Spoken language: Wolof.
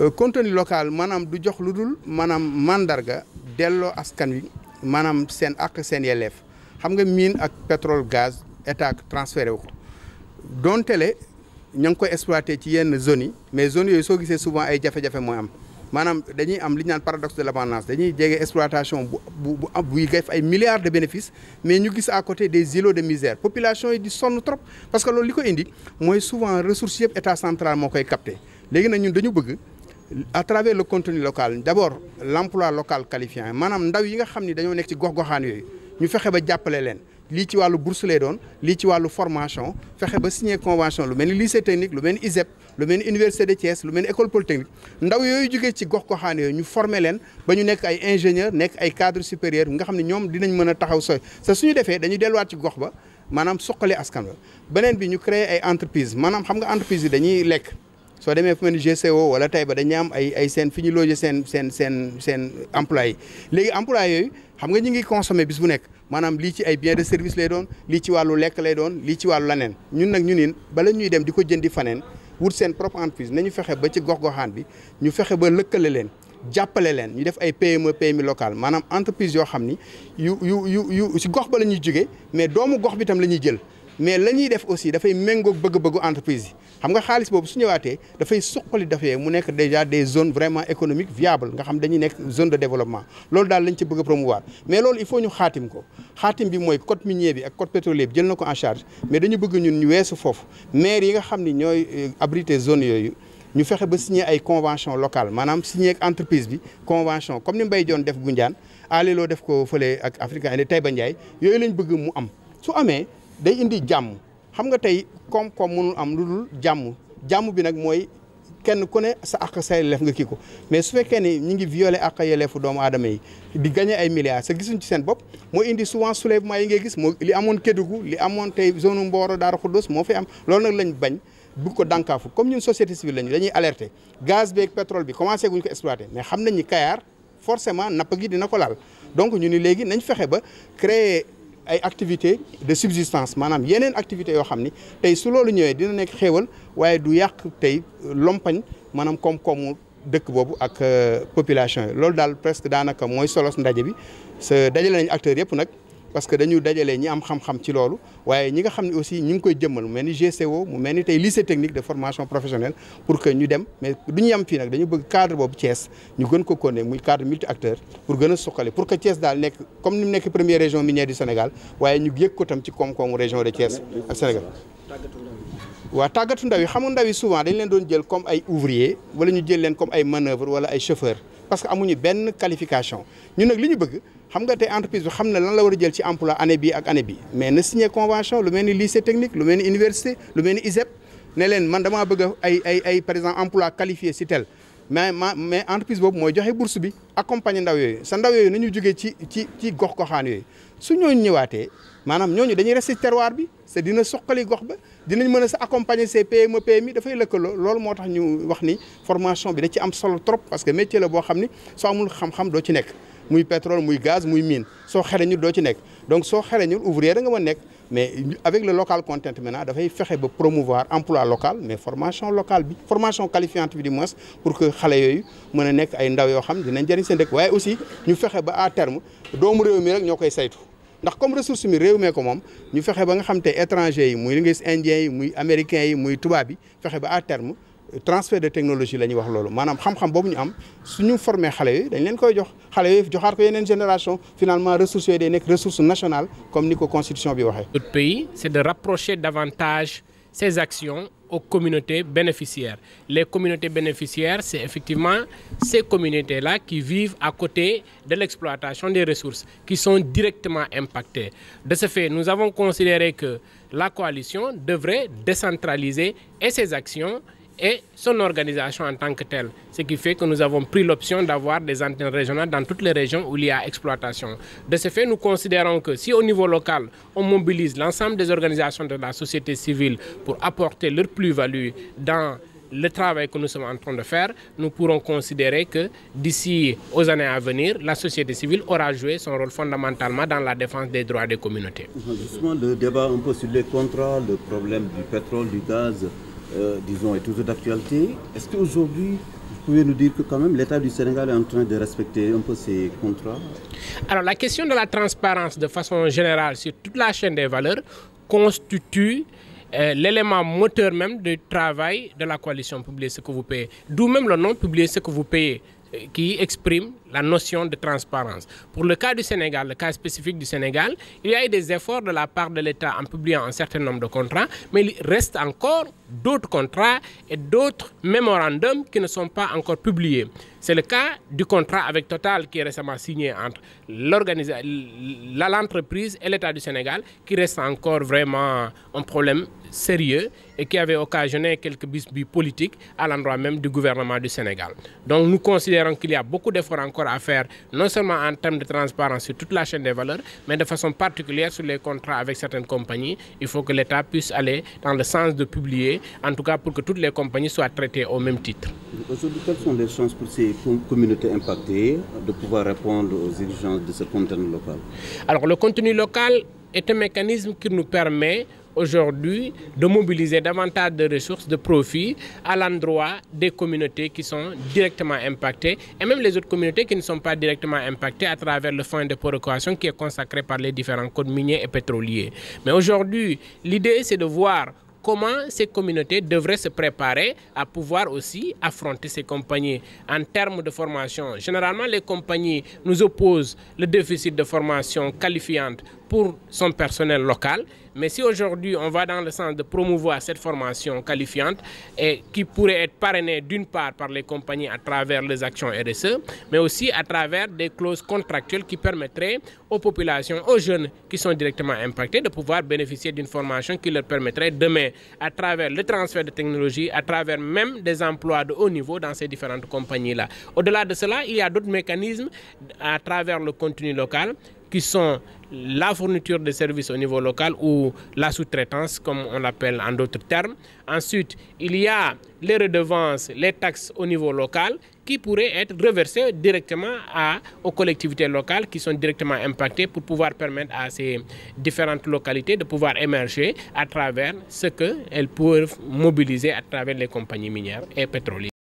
Euh, contenu local maanaam du jox lu dul manaam màndarga delloo askan wi maanaam seen ak seen yelleef xam nga mine ak pétrole gaz état transféré wu ko doontele ña ngi koy exploité ci yenn zones yi mais zones yooyu soo gisee souvent ay jafe-jafe mooy am maanaam dañuy am li ñu naan paradoxe de l'abondance dañuy jege exploitation bu bu buy def ay milliards de bénéfices mais ñu gis à côté des ilo de misère population yi di sonn trop parce que loolu li ko indi mooy souvent ressources état central moo koy capté léegi nag ñun dañu bëgg. à travers le contenu local d'abord l'emploi local qualifiant maanaam ndaw yi nga xam ni dañoo nekk ci gox-goxaan yooyu ñu fexe ba jàppale leen lii ci wàllu bourse lay doon lii ci wàllu formation fexe ba signer convention lu mel ni lycée technique lu mel ni ISEP lu mel ni université de Thiès lu mel ni école polytechnique ndaw yooyu jógee ci gox-goxaan yooyu ñu former leen ba ñu nekk ay ingénieur nekk ay cadre supérieur nga xam ne ñoom dinañ mën a taxaw sooy sa suñu defee dañuy delluwaat ci gox ba maanaam suqali askan ba beneen bi ñu créer ay entreprise maanaam xam nga entreprise yi dañuy lekk soo demee fu mel ni GCO wala Taïba dañuy am ay ay seen fi ñu loger seen seen seen seen employé léegi employé yooyu xam nga ñu ngi consommer bis bu nekk maanaam lii ci ay biens de service lay doon lii ci wàllu lekk lay doon lii ci wàllu laneen ñun nag ñu niin bala ñuy dem di ko jëndi faneen wut seen propre entreprise nañu fexe ba ci gox-goxaan bi ñu fexe ba lëkkale leen jàppale leen ñu def ay PME PMI e local maanaam entreprise yoo xam ni yu yu yu yu si gox ba la ñuy jóge mais doomu gox bi tam la ñuy jël mais la ñuy def aussi dafay méngoog bëgg-bëggu entreprise yi xam nga xaalis boobu su ñëwaatee dafay suqali dafee mu nekk déjà des zone vraiment économiques viable nga xam dañuy nekk zone de développement loolu daal lañ ci bëgg a promouvoir mais loolu il faut ñu xaatim ko xaatim bi mooy code minier bi ak code pétrolier bi jël na ko en charge mais dañu bëgg ñun ñu weesu foofu maire yi nga xam ni ñooy euh, abrité zone yooyu ñu fexe ba signer ay convention locale maanaam signer ak bi convention comme ni Mbaye Dione def Gunjaan Alé def ko fële ak Africa Tayba Ndiaye yooyu lañ bëgg mu am su amee day indi jàmm xam nga tey koom-koom mënul am lu dul jàmm jàmm bi nag mooy kenn ku ne sa àq sa yelleef nga kii ko mais su fekkee ne ñu ngi violé àq yelleefu doomu aadama yi di gagné ay milliards sa gisuñ ci seen bopp moo indi souvent soulèvement yi nga gis moo li amoon Kédougou li amoon tey zone Mboro Darou Khoudoss moo fi am loolu nag lañ bañ bu ko dànkaafu comme ñun société civile lañu dañuy alerter gaz beeg pétrole bi commencé guñ ko exploité mais xam nañ ni Kayar forcément napp gi dina ko laal donc ñu ni léegi nañ fexe ba créer ay activités de subsistance maanaam yeneen activités yoo xam ni tey su loolu ñëwee dina nekk xéewal waaye du yàq tey lompañ maanaam koom-koomu dëkk boobu ak euh, population yi loolu daal presque daanaka mooy solos ndaje bi sa dajale nañ acteurs yëpp nag. parce que dañu dajale ñi am xam-xam ci loolu waaye ñi nga xam ne aussi ñi ngi koy jëmmal mu mel ni GCO mu mel ni tey lycée technique de formation professionnelle pour que ñu dem mais du ñu yem fii nag dañu bëgg cadre boobu Thiès ñu gën ko konne muy cadre multi acteur pour gën a suqali pour que Thiès daal nekk comme ni mu nekk première région minière du Sénégal waaye ñu yëg ko tam ci koom-koomu région de Thiès ak Sénégal waa tàggatu ndaw yi xam nga ndaw yi souvent dañ leen doon jël comme ay ouvrier wala ñu jël leen comme ay manœuvre wala ay chauffeur parce que amuñu benn qualification ñun nag li ñu bëgg xam nga tey entreprise bi xam na lan la war a jël ci emploi année bi ak année bi mais na signé convention lu mel ni lycée technique lu mel ni université lu mel ni ISEP ne leen man damaa bëgg ay ay ay par exemple emploi qualifié si tel mais ma mais entreprise boobu mooy joxe bourse bi accompagner ndaw yooyu sa ndaw yooyu nañu jógee ci ci ci gox goxaan yooyu su ñooñu ñëwaatee maanaam ñooñu dañuy rester terroir bi c'est dina soqali gox ba dinañ mën a sa accompagner ces PME PMI dafay lëkkaloo loolu moo tax ñu wax ni formation bi da ci am solo trop parce que métier la boo xam ni soo amul doo ci nekk muy pétrole muy gaz muy mine soo xereñul doo ci nekk donc soo ñu ouvrier da nga mën nekk mais avec le local content maintenant dafay fexe ba promouvoir emploi local mais formation local bi formation qualifiante bi du moins pour que xale yooyu mën a nekk ay ndaw yoo xam dinañ jëriñ seen dëkk waaye aussi ñu fexe ba a terme doomu réew mi rek ñoo koy saytu ndax comme ressource mi réew mee ko moom ñu fexe ba nga xam te étranger yi muy li nga gis indien yi muy américain yi muy ba à terme transfert de technologie la ñuy wax loolu maanaam xam-xam boobu ñu am suñu formé xale yi dañ leen koy jox xale yi joxaat ko yeneen génération finalement ressources yooyu day nekk ressource nationale comme ni ko constitution bi waxee. notre pays c'est de rapprocher davantage ces actions aux communautés bénéficiaires les communautés bénéficiaires c'est effectivement ces communautés là qui vivent à côté de l'exploitation des ressources qui sont directement impactées de ce fait nous avons considéré que la coalition décentraliser et actions et son organisation en tant que telle. Ce qui fait que nous avons pris l'option d'avoir des antennes dans toutes les régions où il y a exploitation. De ce fait, nous considérons que si au niveau local, on mobilise l'ensemble des organisations de la société civile pour apporter leur plus-value dans le travail que nous sommes en train de faire, nous pourrons considérer que d'ici aux années à venir, la société civile aura joué son rôle fondamentalement dans la défense des droits des communautés. Justement, le débat un Euh, disons, est toujours d'actualité. Est-ce qu'aujourd'hui, vous pouvez nous dire que quand même l'État du Sénégal est en train de respecter un peu ses contrats Alors la question de la transparence de façon générale sur toute la chaîne des valeurs constitue euh, l'élément moteur même du travail de la coalition Publier ce que vous payez. D'où même le nom Publier ce que vous payez. qui exprime la notion de transparence. Pour le cas du Sénégal, le cas spécifique du Sénégal, il y a eu des efforts de la part de l'État en publiant un certain nombre de contrats, mais il reste encore d'autres contrats et d'autres mémorandums qui ne sont pas encore publiés. C'est le cas du contrat avec Total qui est récemment signé entre l'entreprise et l'État du Sénégal qui reste encore vraiment un problème sérieux et qui avait occasionné quelques bisbis politiques à l'endroit même du gouvernement du Sénégal. Donc nous considérons qu'il y a beaucoup d'efforts encore à faire, non seulement en termes de transparence sur toute la chaîne des valeurs, mais de façon particulière sur les contrats avec certaines compagnies. Il faut les communautés impactées de pouvoir répondre aux exigences de ce contenu local Alors le contenu local est un mécanisme qui nous permet aujourd'hui de mobiliser davantage de ressources, de profits à l'endroit des communautés qui sont directement impactées et même les autres communautés qui ne sont pas directement impactées à travers le fonds de procuration qui est consacré par les différents codes miniers et pétroliers. Mais aujourd'hui, l'idée c'est comment ces communautés devraient se préparer à pouvoir aussi affronter ces compagnies en termes de formation. Généralement, les compagnies nous opposent le déficit de formation qualifiante pour son personnel local. Mais si aujourd'hui on va dans le sens de promouvoir cette formation qualifiante et qui pourrait être parrainée d'une part par les compagnies à travers les actions RSE, mais aussi à travers des clauses contractuelles qui permettraient aux populations, aux jeunes qui sont directement impactés de pouvoir bénéficier d'une formation qui leur permettrait demain, à travers le transfert de technologie, à travers même des emplois de haut niveau dans ces différentes compagnies-là. Au-delà à travers le contenu local la fourniture de services au niveau local ou la sous-traitance, comme on l'appelle en d'autres termes. Ensuite, il y a les redevances, les taxes au niveau local qui pourraient être reversées directement à, aux collectivités locales qui sont directement impactées pour pouvoir permettre à ces différentes localités de pouvoir émerger à travers ce qu'elles peuvent mobiliser à travers les compagnies minières et pétrolières.